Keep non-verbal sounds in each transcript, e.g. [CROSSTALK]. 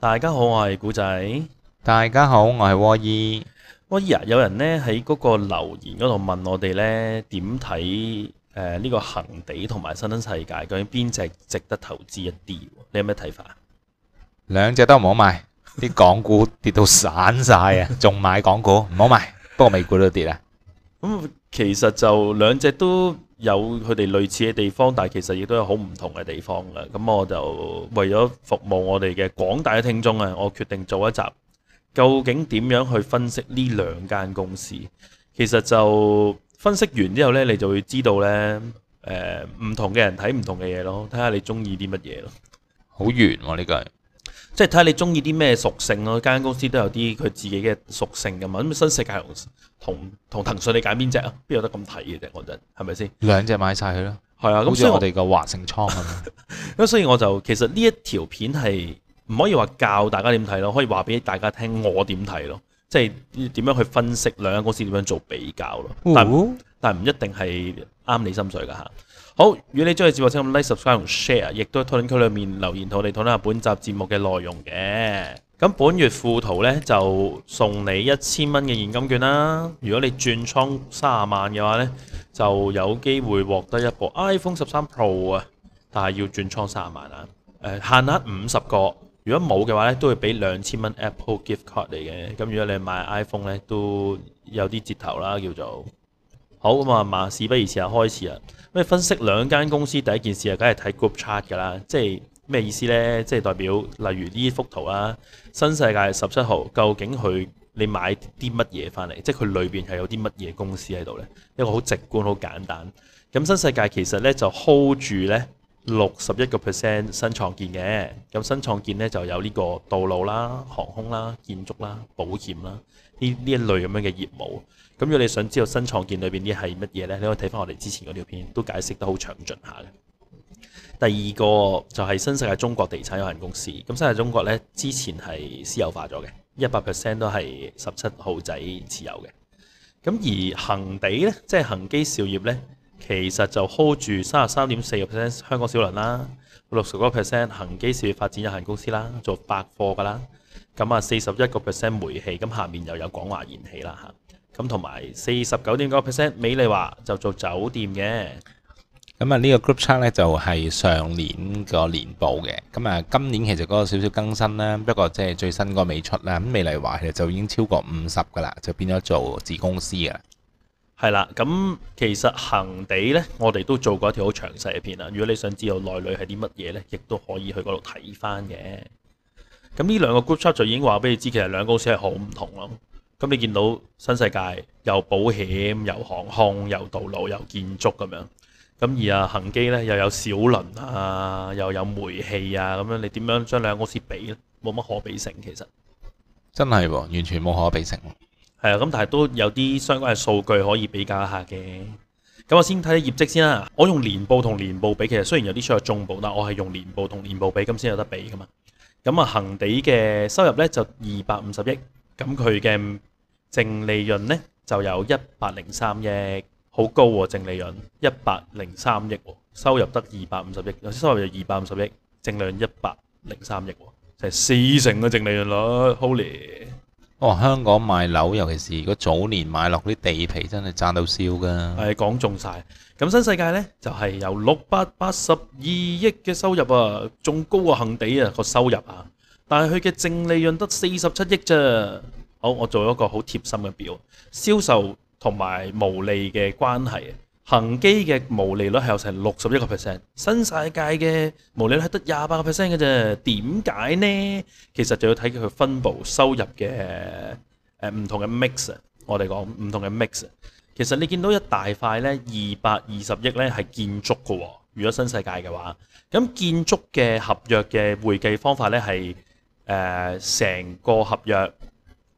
大家好，我係古仔。大家好，我係窩依。窩依啊，有人呢喺嗰個留言嗰度問我哋呢點睇誒呢個恒地同埋新世界究竟邊隻值得投資一啲？你有咩睇法啊？兩隻都唔好買，啲港股跌到散晒啊，仲 [LAUGHS] 買港股唔好買。不過美股都跌啦。咁其實就兩隻都。有佢哋類似嘅地方，但係其實亦都有好唔同嘅地方啦。咁我就為咗服務我哋嘅廣大嘅聽眾啊，我決定做一集，究竟點樣去分析呢兩間公司？其實就分析完之後呢，你就會知道呢，誒唔同嘅人睇唔同嘅嘢咯，睇下你鍾意啲乜嘢咯。好圓喎呢個係。即係睇下你中意啲咩屬性咯，間間公司都有啲佢自己嘅屬性噶嘛。咁新世界同同同騰訊你，你揀邊隻啊？邊有得咁睇嘅啫，我覺得係咪先？兩隻買晒佢咯。係啊，咁所以我哋個華盛倉咁，咁所以我就其實呢一條片係唔可以話教大家點睇咯，可以話俾大家聽我點睇咯。即係點樣去分析兩間公司點樣做比較咯。但唔、哦、一定係啱你心水㗎吓好，如果你中意節目，請咁 like、subscribe 同 share，亦都喺討論區裏面留言同我哋討論下本集節目嘅內容嘅。咁本月富途呢，就送你一千蚊嘅現金券啦。如果你轉倉三十萬嘅話呢，就有機會獲得一部 iPhone 十三 Pro 啊，但係要轉倉三十萬啊，呃、限額五十個。如果冇嘅話呢，都會俾兩千蚊 Apple Gift Card 嚟嘅。咁如果你買 iPhone 呢，都有啲折頭啦，叫做。好咁啊嘛，事不宜遲啊，開始啊。分析兩間公司，第一件事啊，梗係睇 group chart 㗎啦。即係咩意思呢？即係代表，例如呢幅圖啊，新世界十七號，究竟佢你買啲乜嘢翻嚟？即係佢裏面係有啲乜嘢公司喺度呢？一個好直觀、好簡單。咁新世界其實呢，就 hold 住呢六十一個 percent 新創建嘅。咁新創建呢，就有呢個道路啦、航空啦、建築啦、保險啦呢呢一類咁樣嘅業務。咁如果你想知道新創建裏邊啲係乜嘢呢，你可以睇翻我哋之前嗰條片，都解釋得好詳盡下嘅。第二個就係新世界中國地產有限公司，咁新世界中國呢，之前係私有化咗嘅，一百 percent 都係十七號仔持有嘅。咁而恒地呢，即係恒基兆業呢，其實就 hold 住三十三點四個 percent 香港小輪啦，六十個 percent 恒基兆業發展有限公司啦，做百貨噶啦。咁啊，四十一個 percent 煤氣，咁下面又有廣華燃氣啦嚇。咁同埋四十九點九 percent 美麗華就做酒店嘅，咁啊呢個 group chart 咧就係上年個年報嘅，咁啊今年其實嗰個少少更新啦，不過即係最新個未出啦，咁美麗華其實就已經超過五十噶啦，就變咗做子公司啊，係啦，咁其實恒地咧我哋都做過一條好詳細嘅片啦，如果你想知道內裏係啲乜嘢咧，亦都可以去嗰度睇翻嘅。咁呢兩個 group chart 就已經話俾你知，其實兩公司係好唔同咯。咁你見到新世界又保險、又航空、又道路、又建築咁樣，咁而啊恆基咧又有小輪啊，又有煤氣啊咁樣，你點樣將兩個公司比咧？冇乜可比性其實。真係喎，完全冇可比性。係啊，咁但係都有啲相關嘅數據可以比較一下嘅。咁我先睇下業績先啦。我用年報同年報比，其實雖然有啲出係中報，但係我係用年報同年報比，咁先有得比㗎嘛。咁啊恆地嘅收入咧就二百五十億，咁佢嘅淨利潤咧就有一百零三億，好高喎！淨利潤一百零三億，收入得二百五十億，收入二百五十億，淨利潤一百零三億，就係四成嘅淨利潤率，Holy！哦，香港買樓，尤其是如果早年買落啲地皮，真係賺到笑㗎。係講中曬。咁新世界咧就係有六百八十二億嘅收入啊，仲高過恆地啊個收入啊，但係佢嘅淨利潤得四十七億咋。好、哦，我做咗個好貼心嘅表，銷售同埋毛利嘅關係，恒基嘅毛利率係有成六十一個 percent，新世界嘅毛利率係得廿八個 percent 嘅啫。點解呢？其實就要睇佢分部收入嘅誒唔同嘅 mix, mix。我哋講唔同嘅 mix，其實你見到一大塊呢，二百二十億呢係建築嘅喎。如果新世界嘅話，咁建築嘅合約嘅會計方法呢係誒成個合約。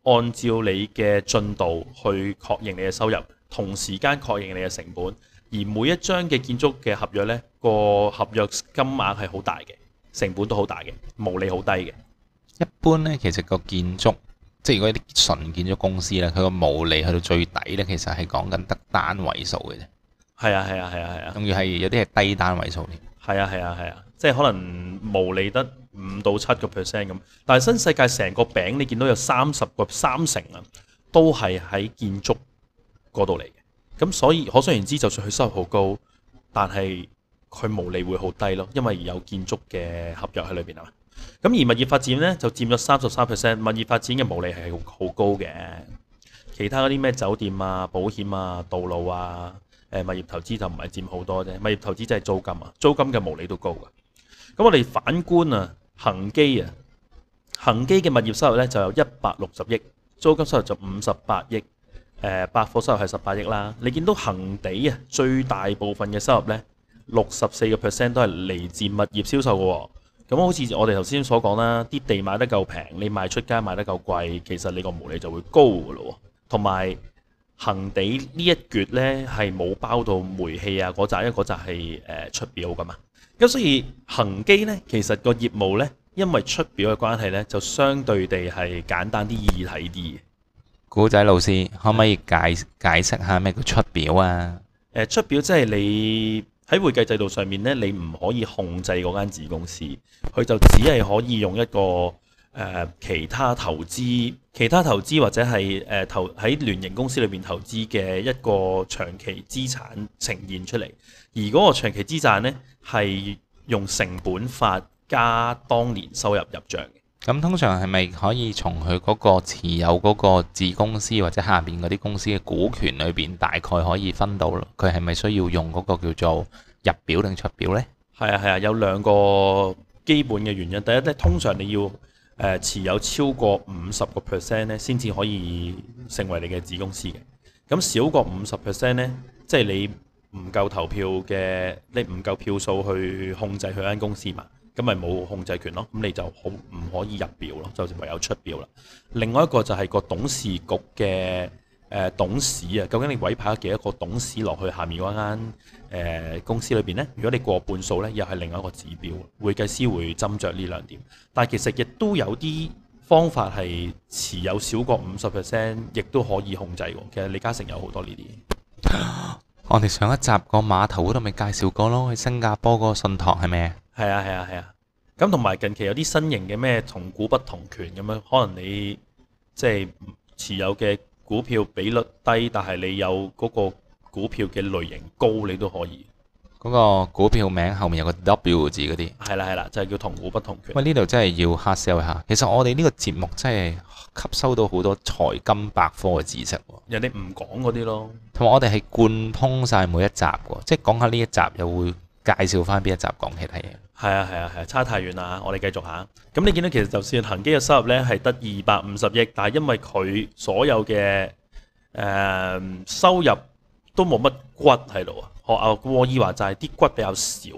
按照你嘅進度去確認你嘅收入，同時間確認你嘅成本。而每一張嘅建築嘅合約呢，個合約金額係好大嘅，成本都好大嘅，毛利好低嘅。一般呢，其實個建築，即係如果啲純建築公司呢，佢個毛利去到最底呢，其實係講緊得單位數嘅啫。係啊係啊係啊係啊。仲要係有啲係低單位數添。係啊係啊係啊。即係可能毛利得五到七個 percent 咁，但係新世界成個餅你見到有三十個三成啊，都係喺建築嗰度嚟嘅。咁所以可想而知，就算佢收入好高，但係佢毛利會好低咯，因為有建築嘅合約喺裏面啊。咁而物業發展呢，就佔咗三十三 percent，物業發展嘅毛利係好高嘅。其他嗰啲咩酒店啊、保險啊、道路啊、誒物業投資就唔係佔好多啫。物業投資真係租金啊，租金嘅毛利都高嘅。咁我哋反觀啊～恒基啊，恒基嘅物業收入咧就有一百六十億，租金收入就五十八億，誒、呃、百貨收入係十八億啦。你見到恒地啊，最大部分嘅收入咧，六十四個 percent 都係嚟自物業銷售嘅喎。咁好似我哋頭先所講啦，啲地買得夠平，你賣出街賣得夠貴，其實你個毛利就會高嘅咯。同埋恒地呢一橛咧係冇包到煤氣啊嗰扎，因為嗰扎係誒出表嘅嘛。咁所以恒基呢，其實個業務呢，因為出表嘅關係呢，就相對地係簡單啲、易睇啲。古仔老師，可唔可以解解釋下咩叫出表啊？誒出表即係你喺會計制度上面呢，你唔可以控制嗰間子公司，佢就只係可以用一個誒其他投資，其他投資或者係誒、呃、投喺聯營公司裏面投資嘅一個長期資產呈現出嚟。而嗰個長期資產呢。係用成本法加當年收入入帳嘅。咁通常係咪可以從佢嗰個持有嗰個子公司或者下邊嗰啲公司嘅股權裏邊，大概可以分到咯？佢係咪需要用嗰個叫做入表定出表呢？係啊係啊，有兩個基本嘅原因。第一咧，通常你要誒、呃、持有超過五十個 percent 咧，先至可以成為你嘅子公司嘅。咁少過五十 percent 咧，即係你。唔夠投票嘅，你唔夠票數去控制佢間公司嘛？咁咪冇控制權咯。咁你就好唔可以入表咯，就唯有出表啦。另外一個就係個董事局嘅誒、呃、董事啊，究竟你委派咗幾多個董事落去下面嗰間、呃、公司裏邊呢？如果你過半數呢，又係另外一個指標。會計師會斟酌呢兩點，但係其實亦都有啲方法係持有少過五十 percent，亦都可以控制嘅。其實李嘉誠有好多呢啲。 [LAUGHS] 我哋上一集個碼頭嗰度咪介紹過咯，去新加坡個信託係咪？係啊係啊係啊，咁同埋近期有啲新型嘅咩同股不同權咁樣，可能你即係、就是、持有嘅股票比率低，但係你有嗰個股票嘅類型高，你都可以嗰、那個股票名後面有個 W 字嗰啲，係啦係啦，就係、是、叫同股不同權。喂，呢度真係要 hard sell 下，其實我哋呢個節目真係～吸收到好多財金百科嘅知識，人哋唔講嗰啲咯。同埋我哋係貫通晒每一集嘅，即係講下呢一集又會介紹翻邊一集講其他嘢。係啊係啊係啊，差太遠啦。我哋繼續下。咁你見到其實就算恒基嘅收入呢係得二百五十億，但係因為佢所有嘅誒、呃、收入都冇乜骨喺度啊，我我以為就係啲骨比較少。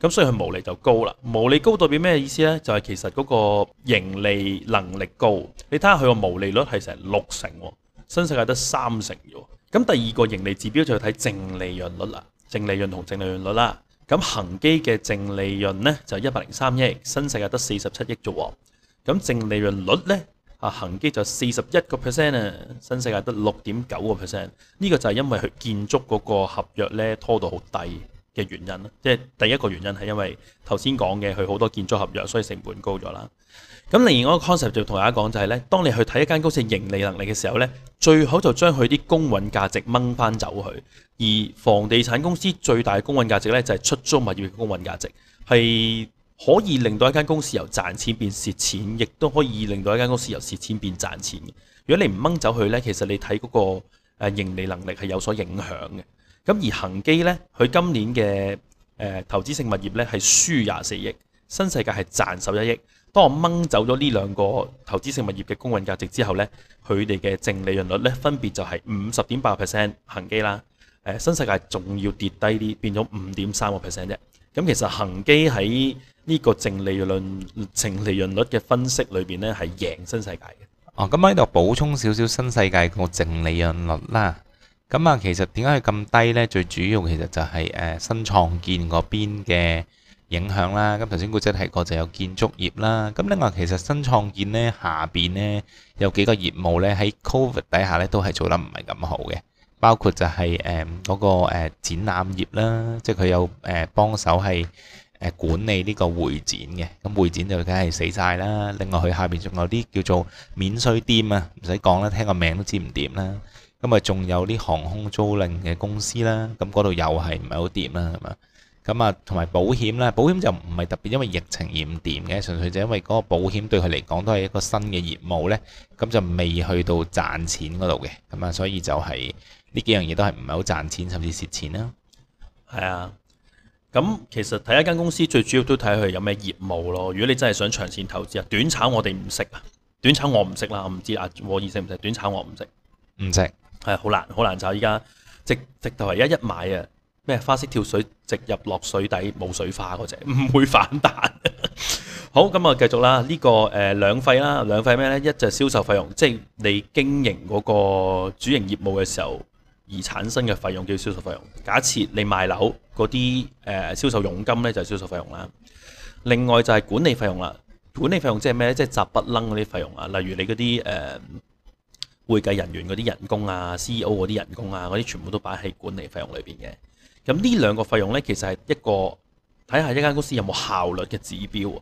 咁所以佢毛利就高啦，毛利高代表咩意思咧？就係其實嗰個盈利能力高。你睇下佢個毛利率係成六成，新世界得三成啫。咁第二個盈利指標就係睇淨利潤率啦，淨利潤同淨利潤率啦。咁恆基嘅淨利潤咧就一百零三億，新世界得四十七億啫。咁淨利潤率咧，啊恆基就四十一個 percent 啊，新世界得六點九個 percent。呢個就係因為佢建築嗰個合約咧拖到好低，嘅原因啦，即係第一個原因係因為頭先講嘅佢好多建築合約，所以成本高咗啦。咁另外一個 concept 就同大家講就係咧，當你去睇一間公司盈利能力嘅時候呢，最好就將佢啲公允價值掹翻走佢。而房地產公司最大嘅公允價值呢，就係出租物業嘅公允價值，係可以令到一間公司由賺錢變蝕錢，亦都可以令到一間公司由蝕錢變賺錢。如果你唔掹走佢呢，其實你睇嗰個誒盈利能力係有所影響嘅。咁而恒基呢，佢今年嘅誒、呃、投資性物業呢係輸廿四億，新世界係賺十一億。當我掹走咗呢兩個投資性物業嘅公允價值之後呢，佢哋嘅淨利潤率呢分別就係五十點八 percent 恒基啦，誒、呃、新世界仲要跌低啲，變咗五點三個 percent 啫。咁、嗯、其實恒基喺呢個淨利潤淨利潤率率嘅分析裏邊呢係贏新世界嘅。哦，咁喺度補充少少新世界個淨利潤率啦。咁啊，其實點解佢咁低呢？最主要其實就係誒新創建嗰邊嘅影響啦。咁頭先股質提過就有建築業啦。咁另外其實新創建呢下邊呢有幾個業務呢喺 COVID 底下呢都係做得唔係咁好嘅，包括就係誒嗰個誒展覽業啦，即係佢有誒幫手係誒管理呢個會展嘅。咁會展就梗係死晒啦。另外佢下邊仲有啲叫做免稅店啊，唔使講啦，聽個名都知唔掂啦。咁啊，仲有啲航空租賃嘅公司啦，咁嗰度又係唔係好掂啦，係嘛？咁啊，同埋保險啦，保險就唔係特別，因為疫情而唔掂嘅，純粹就因為嗰個保險對佢嚟講都係一個新嘅業務咧，咁就未去到賺錢嗰度嘅，咁啊，所以就係呢幾樣嘢都係唔係好賺錢甚至蝕錢啦。係啊，咁其實睇一間公司最主要都睇佢有咩業務咯。如果你真係想長線投資啊，短炒我哋唔識啊，短炒我唔識啦，我唔知阿，我意思唔識短炒我唔識唔識。係、啊、好難，好難找。依家直直頭係一一買啊！咩花式跳水直入落水底冇水花嗰隻，唔會反彈。呵呵好咁啊，繼續啦！呢、這個誒兩費啦，兩費咩呢？一就係、是、銷售費用，即、就、係、是、你經營嗰個主營業務嘅時候而產生嘅費用叫銷售費用。假設你賣樓嗰啲誒銷售佣金呢，就係銷售費用啦。另外就係管理費用啦，管理費用即係咩？即係雜崩冷嗰啲費用啊，例如你嗰啲誒。呃會計人員嗰啲人工啊，CEO 嗰啲人工啊，嗰啲、啊、全部都擺喺管理費用裏面嘅。咁呢兩個費用呢，其實係一個睇下一間公司有冇效率嘅指標。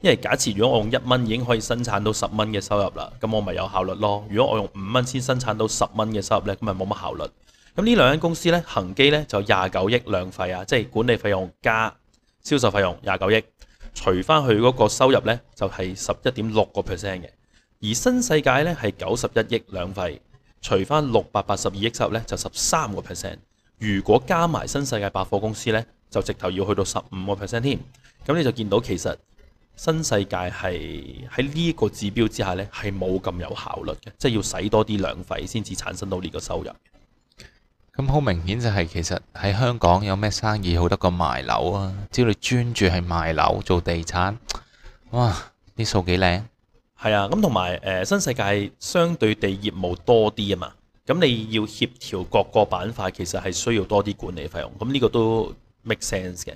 因為假設如果我用一蚊已經可以生產到十蚊嘅收入啦，咁我咪有效率咯。如果我用五蚊先生產到十蚊嘅收入呢，咁咪冇乜效率。咁呢兩間公司呢，恒基呢，就廿九億兩費啊，即係管理費用加銷售費用廿九億，除翻去嗰個收入呢，就係十一點六個 percent 嘅。而新世界呢係九十一億兩費，除翻六百八十二億收入呢就十三個 percent。如果加埋新世界百貨公司呢，就直頭要去到十五個 percent 添。咁你就見到其實新世界係喺呢個指標之下呢係冇咁有效率嘅，即係要使多啲兩費先至產生到呢個收入。咁好明顯就係其實喺香港有咩生意好得過賣樓啊？只要你專注係賣樓做地產，哇！啲數幾靚。係啊，咁同埋誒新世界相對地業務多啲啊嘛，咁你要協調各個板塊，其實係需要多啲管理費用，咁呢個都 make sense 嘅。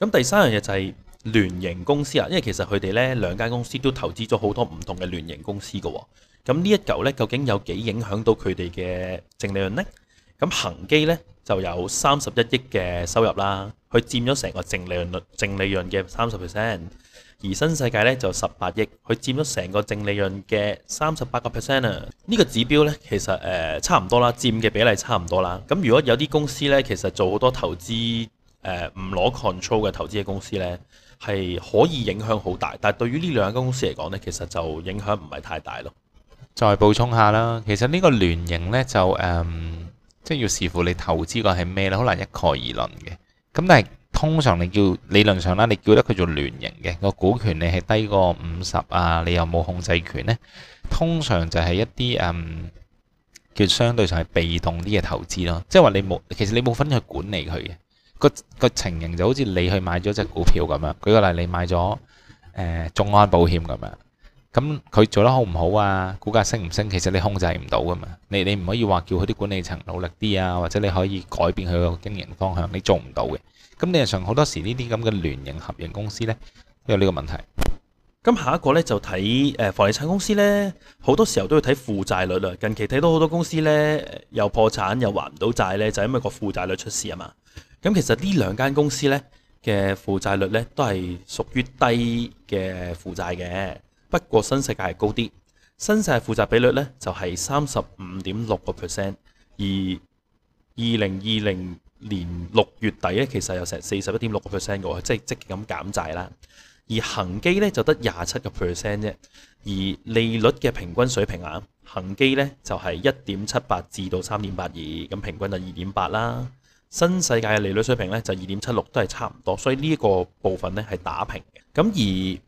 咁第三樣嘢就係聯營公司啊，因為其實佢哋呢兩間公司都投資咗好多唔同嘅聯營公司喎。咁呢一嚿呢，究竟有幾影響到佢哋嘅淨利潤呢？咁恒基呢，就有三十一億嘅收入啦。佢佔咗成個淨利潤淨利潤嘅三十 percent，而新世界呢就十八億，佢佔咗成個淨利潤嘅三十八個 percent。呢個指標呢，其實誒、呃、差唔多啦，佔嘅比例差唔多啦。咁如果有啲公司呢，其實做好多投資誒唔攞 control 嘅投資嘅公司呢，係可以影響好大。但係對於呢兩間公司嚟講呢，其實就影響唔係太大咯。再補充下啦，其實呢個聯營呢，就誒，即、嗯、係要視乎你投資個係咩啦，好難一概而論嘅。咁但係通常你叫理論上啦，你叫得佢做聯營嘅個股權，你係低過五十啊，你又冇控制權呢。通常就係一啲嗯，叫相對上係被動啲嘅投資咯，即係話你冇，其實你冇分去管理佢嘅個個情形，就好似你去買咗隻股票咁樣。舉個例，你買咗誒、呃、眾安保險咁樣。咁佢做得好唔好啊？股價升唔升？其實你控制唔到噶嘛。你你唔可以話叫佢啲管理層努力啲啊，或者你可以改變佢個經營方向，你做唔到嘅。咁你日常好多時呢啲咁嘅聯營合營公司呢，都有呢個問題。咁下一個呢，就睇誒、呃、房地產公司呢，好多時候都要睇負債率啊。近期睇到好多公司呢，又破產又還唔到債呢，就係、因為個負債率出事啊嘛。咁其實呢兩間公司呢嘅負債率呢，都係屬於低嘅負債嘅。不過新世界係高啲，新世界負債比率咧就係三十五點六個 percent，而二零二零年六月底咧其實有成四十一點六個 percent 嘅喎，即係積極咁減債啦。而恒基咧就得廿七個 percent 啫，而利率嘅平均水平啊，恒基咧就係一點七八至到三點八二，咁平均就二點八啦。新世界嘅利率水平咧就二點七六，都係差唔多，所以呢一個部分咧係打平嘅。咁而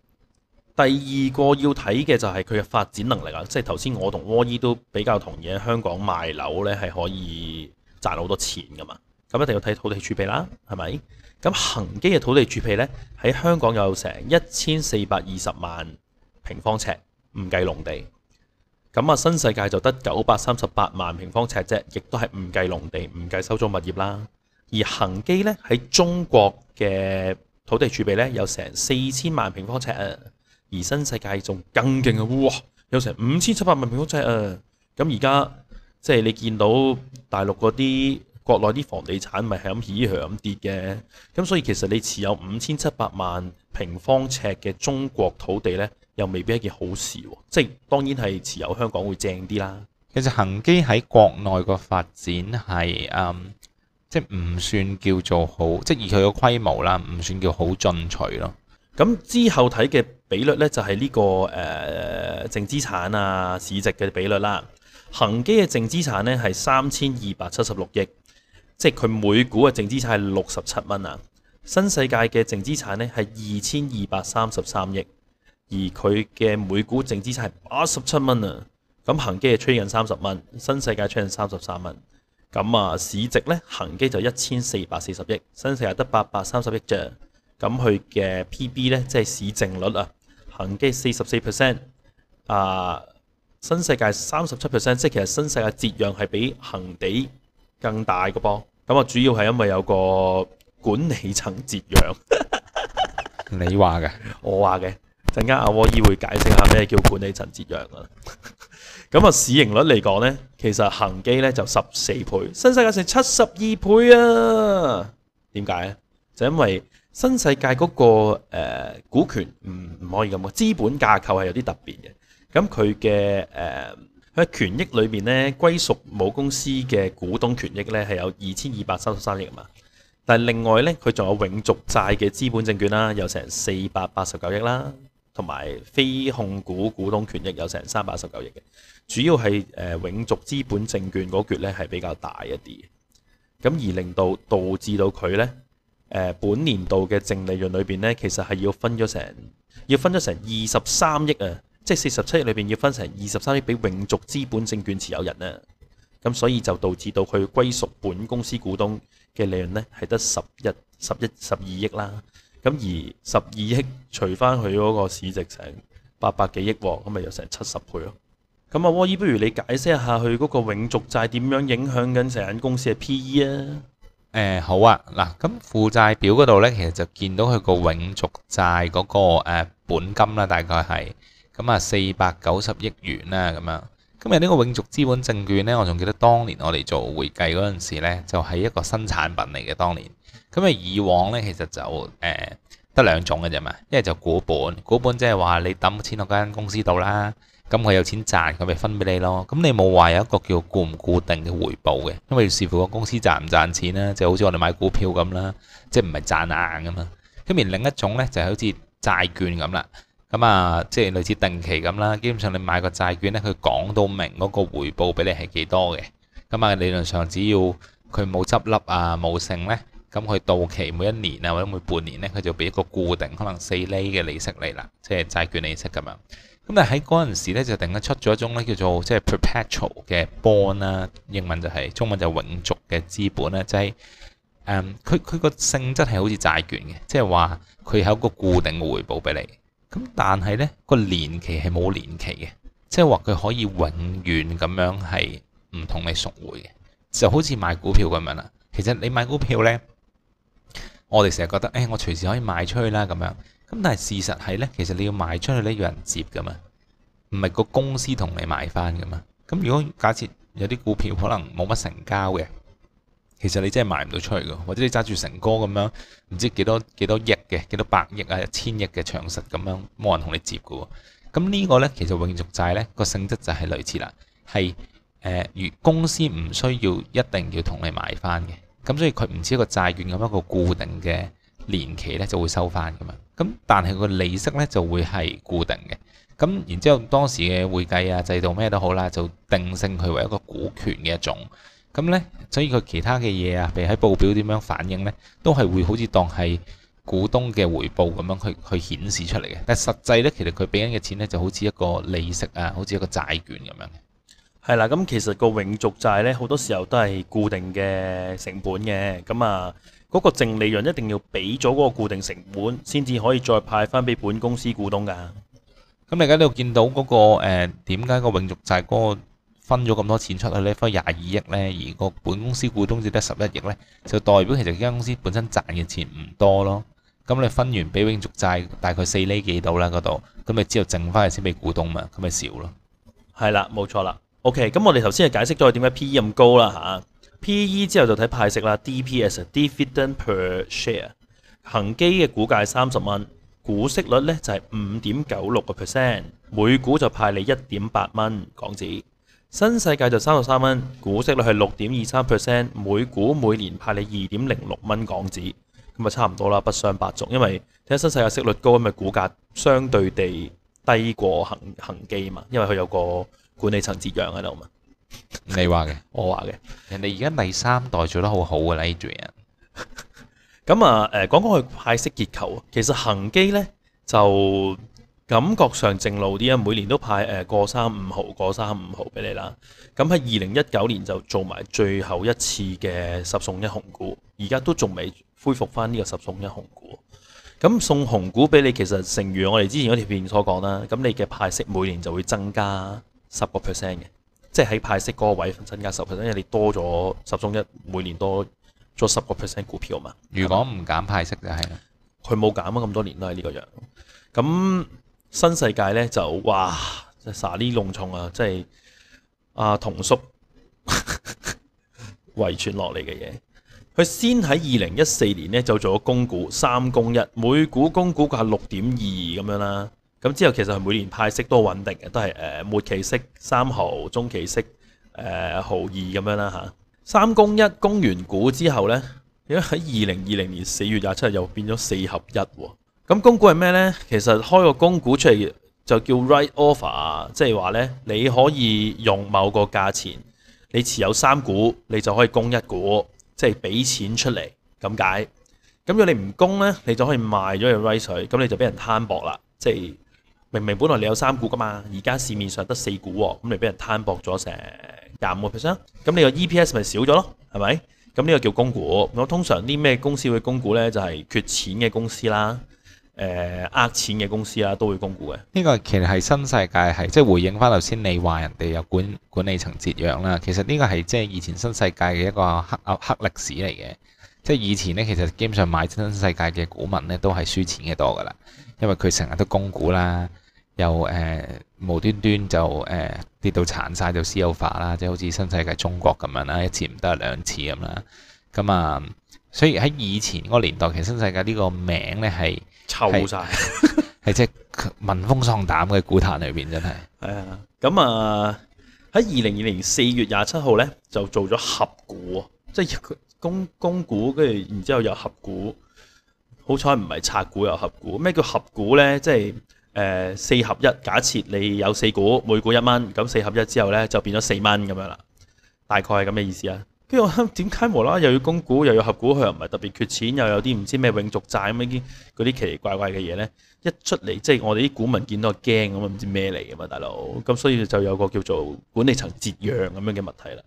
第二個要睇嘅就係佢嘅發展能力啦，即係頭先我同窩姨都比較同意，香港賣樓呢係可以賺好多錢噶嘛。咁一定要睇土地儲備啦，係咪？咁恒基嘅土地儲備呢，喺香港有成一千四百二十萬平方尺，唔計農地。咁啊，新世界就得九百三十八萬平方尺啫，亦都係唔計農地、唔計收租物業啦。而恒基呢，喺中國嘅土地儲備呢，有成四千萬平方尺啊。而新世界仲更勁啊！哇，有成五千七百萬平方尺啊！咁而家即係你見到大陸嗰啲國內啲房地產咪係咁起嚟又跌嘅，咁所以其實你持有五千七百萬平方尺嘅中國土地呢，又未必一件好事喎、啊。即係當然係持有香港會正啲啦。其實恆基喺國內個發展係誒，即係唔算叫做好，即係以佢個規模啦，唔算叫好進取咯。咁之後睇嘅。比率咧就係呢、呢個誒、呃、淨資產啊市值嘅比率啦、啊。恒基嘅淨資產呢係三千二百七十六億，即係佢每股嘅淨資產係六十七蚊啊。新世界嘅淨資產呢係二千二百三十三億，而佢嘅每股淨資產係八十七蚊啊。咁恒基係吹緊三十蚊，新世界吹緊三十三蚊。咁啊市值呢，恒基就一千四百四十億，新世界得八百三十億啫。咁佢嘅 P/B 呢，即係市淨率啊。恒基四十四 percent，啊新世界三十七 percent，即係其實新世界折讓係比恒地更大嘅噃，咁啊主要係因為有個管理層折讓，你話嘅， [LAUGHS] 我話嘅，陣間阿沃伊會解釋下咩叫管理層折讓啊。咁啊市盈率嚟講咧，其實恒基咧就十四倍，新世界成七十二倍啊，點解啊？就因為新世界嗰、那個、呃、股權唔唔、嗯、可以咁嘅，資本架構係有啲特別嘅。咁佢嘅誒佢權益裏邊呢，歸屬母公司嘅股東權益呢係有二千二百三十三億啊嘛。但係另外呢，佢仲有永續債嘅資本證券啦，有成四百八十九億啦，同埋非控股股東權益有成三百十九億嘅。主要係、呃、永續資本證券嗰橛呢係比較大一啲嘅。咁而令到導致到佢呢。呃、本年度嘅淨利潤裏邊呢，其實係要分咗成，要分咗成二十三億啊，即係四十七億裏邊要分成二十三億俾永續資本證券持有人咧、啊，咁所以就導致到佢歸屬本公司股東嘅利潤呢，係得十一、十一十二億啦，咁而十二億除翻佢嗰個市值成八百幾億喎，咁咪有成七十倍咯、啊。咁啊，沃爾，不如你解釋下佢嗰個永續債點樣影響緊成間公司嘅 PE 啊？誒、嗯，好啊，嗱，咁負債表嗰度呢，其實就見到佢，那個呃嗯嗯嗯嗯這個永續債嗰個誒本金啦，大概係咁啊四百九十億元啦，咁樣。今日呢個永續資本證券呢，我仲記得當年我哋做會計嗰陣時呢，就係、是、一個新產品嚟嘅。當年，咁、嗯、啊、嗯、以往呢，其實就誒得兩種嘅啫嘛，一係就股本，股本即係話你抌錢落間公司度啦。咁佢有錢賺，佢咪分俾你咯？咁你冇話有，有一個叫固唔固定嘅回報嘅，因為視乎個公司賺唔賺錢啦，就好似我哋買股票咁啦，即係唔係賺硬噶嘛。跟住另一種呢，就好似債券咁啦，咁啊，即係類似定期咁啦。基本上你買個債券呢，佢講到明嗰個回報俾你係幾多嘅，咁啊理論上只要佢冇執笠啊冇剩呢，咁佢到期每一年啊或者每半年呢，佢就俾一個固定可能四厘嘅利息你啦，即係債券利息咁樣。咁但係喺嗰陣時咧，就突然間出咗一種咧，叫做即係 perpetual 嘅 bond 啦，英文就係、是、中文就永續嘅資本啦，即係佢佢個性質係好似債券嘅，即係話佢有一個固定嘅回報俾你。咁但係呢個年期係冇年期嘅，即係話佢可以永遠咁樣係唔同你贖回嘅，就好似賣股票咁樣啦。其實你買股票呢，我哋成日覺得誒、哎、我隨時可以賣出去啦咁樣。咁但係事實係呢，其實你要賣出去呢，要有人接噶嘛，唔係個公司同你買翻噶嘛。咁如果假設有啲股票可能冇乜成交嘅，其實你真係賣唔到出去噶，或者你揸住成哥咁樣唔知幾多幾多億嘅、幾多百億啊、一千億嘅長實咁樣，冇人同你接噶喎。咁呢個呢，其實永續債呢個性質就係類似啦，係誒、呃，公司唔需要一定要同你買翻嘅，咁所以佢唔似一個債券咁一個固定嘅。年期咧就會收翻咁樣，咁但係個利息咧就會係固定嘅，咁然之後當時嘅會計啊制，制度咩都好啦，就定性佢為一個股權嘅一種，咁咧所以佢其他嘅嘢啊，譬如喺報表點樣反映咧，都係會好似當係股東嘅回報咁樣去去顯示出嚟嘅。但實際咧，其實佢俾緊嘅錢咧就好似一個利息啊，好似一個債券咁樣。係啦，咁其實個永續債咧好多時候都係固定嘅成本嘅，咁啊。嗰個淨利潤一定要俾咗嗰個固定成本，先至可以再派翻俾本公司股東噶。咁你而家都見到嗰個誒，點解個永續債嗰個分咗咁多錢出去咧，分廿二億咧，而個本公司股東只得十一億咧，就代表其實呢間公司本身賺嘅錢唔多咯。咁你分完俾永續債大概四厘幾到啦嗰度，咁咪之後淨翻嚟先俾股東嘛，咁咪少咯。係啦，冇錯啦。OK，咁我哋頭先係解釋咗點解 PE 咁高啦嚇。P/E 之後就睇派息啦，DPS（Dividend per share）。恒基嘅股價三十蚊，股息率咧就係五點九六個 percent，每股就派你一點八蚊港紙。新世界就三十三蚊，股息率係六點二三 percent，每股每年派你二點零六蚊港紙，咁啊差唔多啦，不相伯仲。因為睇下新世界息率高，咁啊股價相對地低過恒恒基嘛，因為佢有個管理層折讓喺度嘛。你話嘅、嗯，我話嘅，人哋而家第三代做得好好嘅啦，Adrian。咁啊，誒，講講佢派息結構，其實恒基呢，就感覺上正路啲啊，每年都派誒過三五毫，過三五毫俾你啦。咁喺二零一九年就做埋最後一次嘅十送一紅股，而家都仲未恢復翻呢個十送一紅股。咁送紅股俾你，其實成如我哋之前嗰條片所講啦，咁你嘅派息每年就會增加十個 percent 嘅。的即係喺派息嗰個位增加十 percent，因為你多咗十中一，每年多咗十個 percent 股票嘛。如果唔減派息就係啦。佢冇減啊，咁多年都係呢個樣。咁新世界咧就哇，撒啲弄重啊，即係阿彤叔遺傳落嚟嘅嘢。佢先喺二零一四年咧就做咗供股三供一，每股供股價六點二咁樣啦。咁之後其實係每年派息都穩定嘅，都係、呃、末期息三毫、中期息、呃、毫二咁樣啦嚇。三公一公完股之後呢，而家喺二零二零年四月廿七日又變咗四合一喎。咁公股係咩呢？其實開個公股出嚟就叫 right offer，即係話呢，你可以用某個價錢，你持有三股你就可以供一股，即係俾錢出嚟咁解。咁如果你唔供呢，你就可以賣咗個 right 水，咁你就俾人攤薄啦，即係明明本來你有三股噶嘛，而家市面上得四股，咁你俾人攤薄咗成廿五個 percent，咁你個 EPS 咪少咗咯？係咪？咁呢個叫供股。我通常啲咩公司會供股呢？就係缺錢嘅公司啦，呃錢嘅公司啦，都會供股嘅。呢個其實係新世界係即係回應翻頭先你話人哋有管管理層折讓啦。其實呢個係即係以前新世界嘅一個黑黑歷史嚟嘅。即係以前呢，其實基本上買新世界嘅股民呢，都係輸錢嘅多噶啦。因為佢成日都供股啦，又誒、呃、無端端就誒、呃、跌到殘晒，就私有化啦，即好似新世界中國咁樣啦，一次唔得兩次咁啦，咁啊，所以喺以前嗰年代，其實新世界呢個名呢係臭晒，係即係聞風喪膽嘅股壇裏面真係。係啊，咁啊喺二零二零四月廿七號呢，就做咗合股，即係供供股跟住然之後又有合股。好彩唔係拆股又合股，咩叫合股呢？即係誒、呃、四合一。假設你有四股，每股一蚊，咁四合一之後呢，就變咗四蚊咁樣啦。大概係咁嘅意思啊。跟住我諗，點解無啦啦又要供股，又要合股？佢又唔係特別缺錢，又有啲唔知咩永續債咁樣嗰啲奇奇怪怪嘅嘢呢，一出嚟即係我哋啲股民見到驚咁啊，唔知咩嚟啊嘛，大佬。咁所以就有一個叫做管理層折讓咁樣嘅物體啦。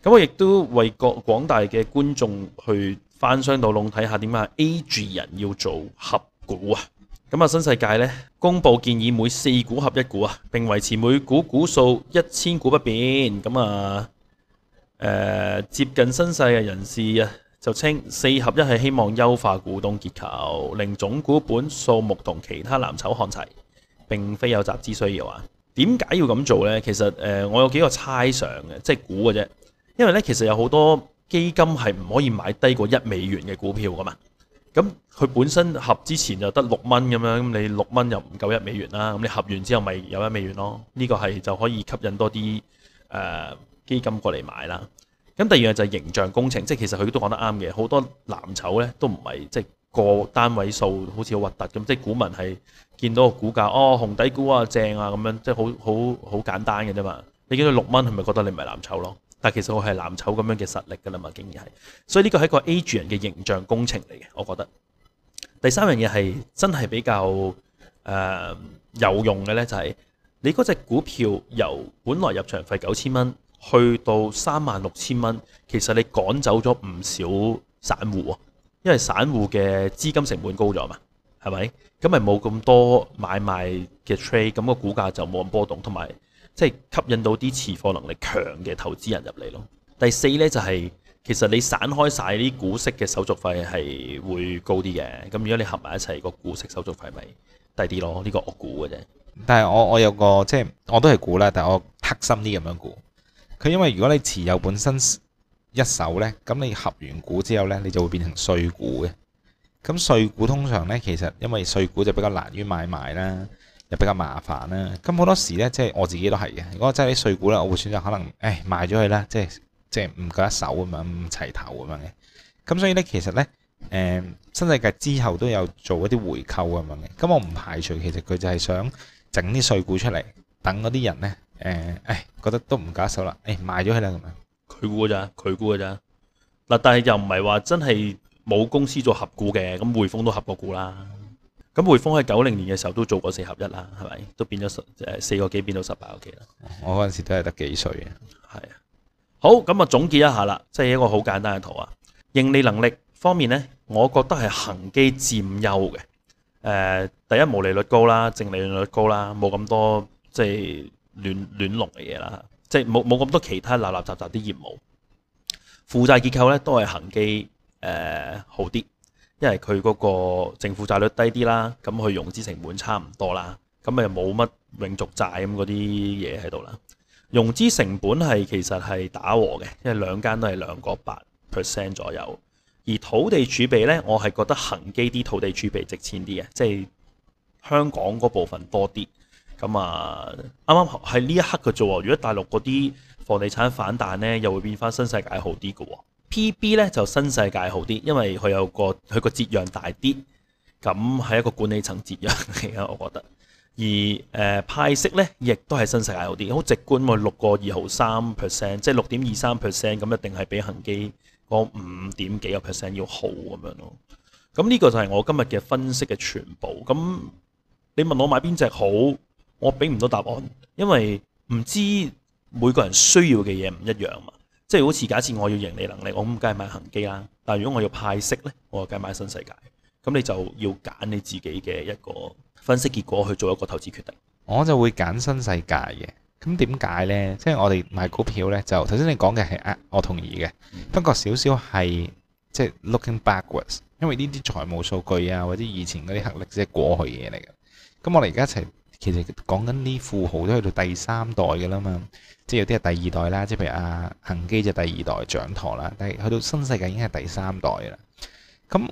咁我亦都為各廣大嘅觀眾去翻箱倒籠睇下點啊？A g 人要做合股啊！咁啊，新世界呢，公佈建議每四股合一股啊，並維持每股股數一千股不變。咁啊，啊，接近新世嘅人士啊，就稱四合一係希望優化股東結構，令總股本數目同其他藍籌看齊，並非有集資需要啊。點解要咁做呢？其實，呃，我有幾個猜想嘅，即係估嘅啫。因為呢，其實有好多。基金係唔可以買低過一美元嘅股票噶嘛，咁佢本身合之前就得六蚊咁樣，咁你六蚊又唔夠一美元啦，咁你合完之後咪有一美元咯，呢個係就可以吸引多啲誒、呃、基金過嚟買啦。咁第二樣就係形象工程，即係其實佢都講得啱嘅，好多藍籌咧都唔係即係個單位數好似好核突咁，即係股民係見到個股價哦紅底股啊正啊咁樣，即係好好好簡單嘅啫嘛。你見到六蚊係咪覺得你唔係藍籌咯？但其實我係藍籌咁樣嘅實力㗎啦嘛，竟然係，所以呢個係一個 A 股人嘅形象工程嚟嘅，我覺得。第三樣嘢係真係比較誒、呃、有用嘅呢，就係、是、你嗰隻股票由本來入場費九千蚊，去到三萬六千蚊，其實你趕走咗唔少散戶，因為散戶嘅資金成本高咗嘛，係咪？咁咪冇咁多買賣嘅 trade，咁個股價就冇咁波動，同埋。即係吸引到啲持貨能力強嘅投資人入嚟咯。第四呢，就係其實你散開晒啲股息嘅手續費係會高啲嘅。咁如果你合埋一齊，個股息手續費咪低啲咯？呢個我估嘅啫。但係我我有個即係我都係估啦，但係我黑心啲咁樣估。佢因為如果你持有本身一手呢，咁你合完股之後呢，你就會變成碎股嘅。咁碎股通常呢，其實因為碎股就比較難於買賣啦。又比較麻煩啦，咁好多時咧，即係我自己都係嘅。如果真係啲碎股咧，我會選擇可能，誒、哎、賣咗佢啦，即係即係唔夠一手咁樣唔齊頭咁樣嘅。咁所以咧，其實咧，誒、嗯、新世界之後都有做一啲回購咁樣嘅。咁我唔排除其實佢就係想整啲碎股出嚟，等嗰啲人咧，誒、哎、誒覺得都唔夠手啦，誒、哎、賣咗佢啦咁樣。佢估咋？佢估㗎咋？嗱，但係又唔係話真係冇公司做合股嘅，咁匯豐都合過股啦。咁匯豐喺九零年嘅時候都做過四合一啦，係咪？都變咗十、誒、呃、四個幾變到十八個幾啦。我嗰陣時都係得幾歲嘅。係啊，好，咁啊總結一下啦，即、就、係、是、一個好簡單嘅圖啊。盈利能力方面咧，我覺得係恒基佔優嘅。誒、呃，第一毛利率高啦，淨利率高啦，冇咁多即係亂亂龍嘅嘢啦，即係冇冇咁多其他垃垃雜雜啲業務。負債結構咧都係恒基誒、呃、好啲。因為佢嗰個淨負債率低啲啦，咁佢融資成本差唔多啦，咁咪冇乜永續債咁嗰啲嘢喺度啦。融資成本係其實係打和嘅，因為兩間都係兩個八 percent 左右。而土地儲備呢，我係覺得恒基啲土地儲備值錢啲嘅，即係香港嗰部分多啲。咁啊，啱啱喺呢一刻嘅啫。如果大陸嗰啲房地產反彈呢，又會變翻新世界好啲嘅。P.B 咧就新世界好啲，因為佢有個佢個折讓大啲，咁係一個管理層折讓嚟嘅， [LAUGHS] 我覺得。而、呃、派息咧，亦都係新世界好啲，好直觀喎，六個二毫三 percent，即係六點二三 percent，咁一定係比恒基嗰五點幾個 percent 要好咁樣咯。咁呢個就係我今日嘅分析嘅全部。咁你問我買邊隻好，我俾唔到答案，因為唔知每個人需要嘅嘢唔一樣嘛。即係好似假設我要盈利能力，我唔梗係買恆基啦。但如果我要派息呢，我又計買新世界。咁你就要揀你自己嘅一個分析結果去做一個投資決定。我就會揀新世界嘅。咁點解呢？即係我哋買股票呢，就頭先你講嘅係啊，我同意嘅。不過少少係即係 looking backwards，因為呢啲財務數據啊，或者以前嗰啲黑歷即係過去嘢嚟嘅。咁我哋而家一齊其實講緊啲富豪都去到第三代㗎啦嘛。即係有啲係第二代啦，即係譬如阿恒基就第二代掌舵啦，但係去到新世界已經係第三代啦。咁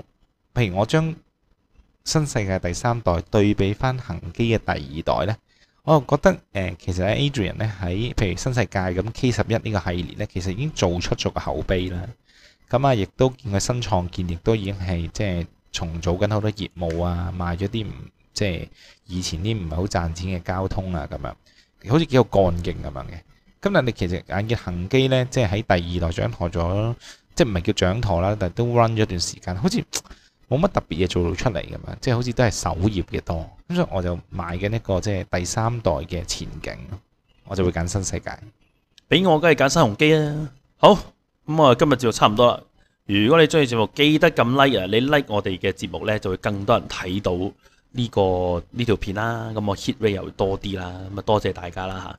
譬如我將新世界第三代對比翻恒基嘅第二代咧，我又覺得誒、呃，其實 Adrian 咧喺譬如新世界咁 K 十一呢個系列咧，其實已經做出咗個口碑啦。咁啊，亦都見佢新創建，亦都已經係即係重組緊好多業務啊，賣咗啲唔即係以前啲唔係好賺錢嘅交通啊咁樣，好似幾有幹勁咁樣嘅。今日你其實眼嘅恆基咧，即係喺第二代掌舵咗，即係唔係叫掌舵啦，但係都 run 咗一段時間，好似冇乜特別嘢做到出嚟咁樣，即係好似都係首頁嘅多。咁所以我就買緊一個即係第三代嘅前景，我就會揀新世界。俾我梗係揀新鴻基啦。好咁啊，今日節目差唔多啦。如果你中意節目，記得撳 like 啊！你 like 我哋嘅節目咧，就會更多人睇到呢個呢條片啦。咁我 hit rate 又會多啲啦。咁啊，多謝大家啦嚇。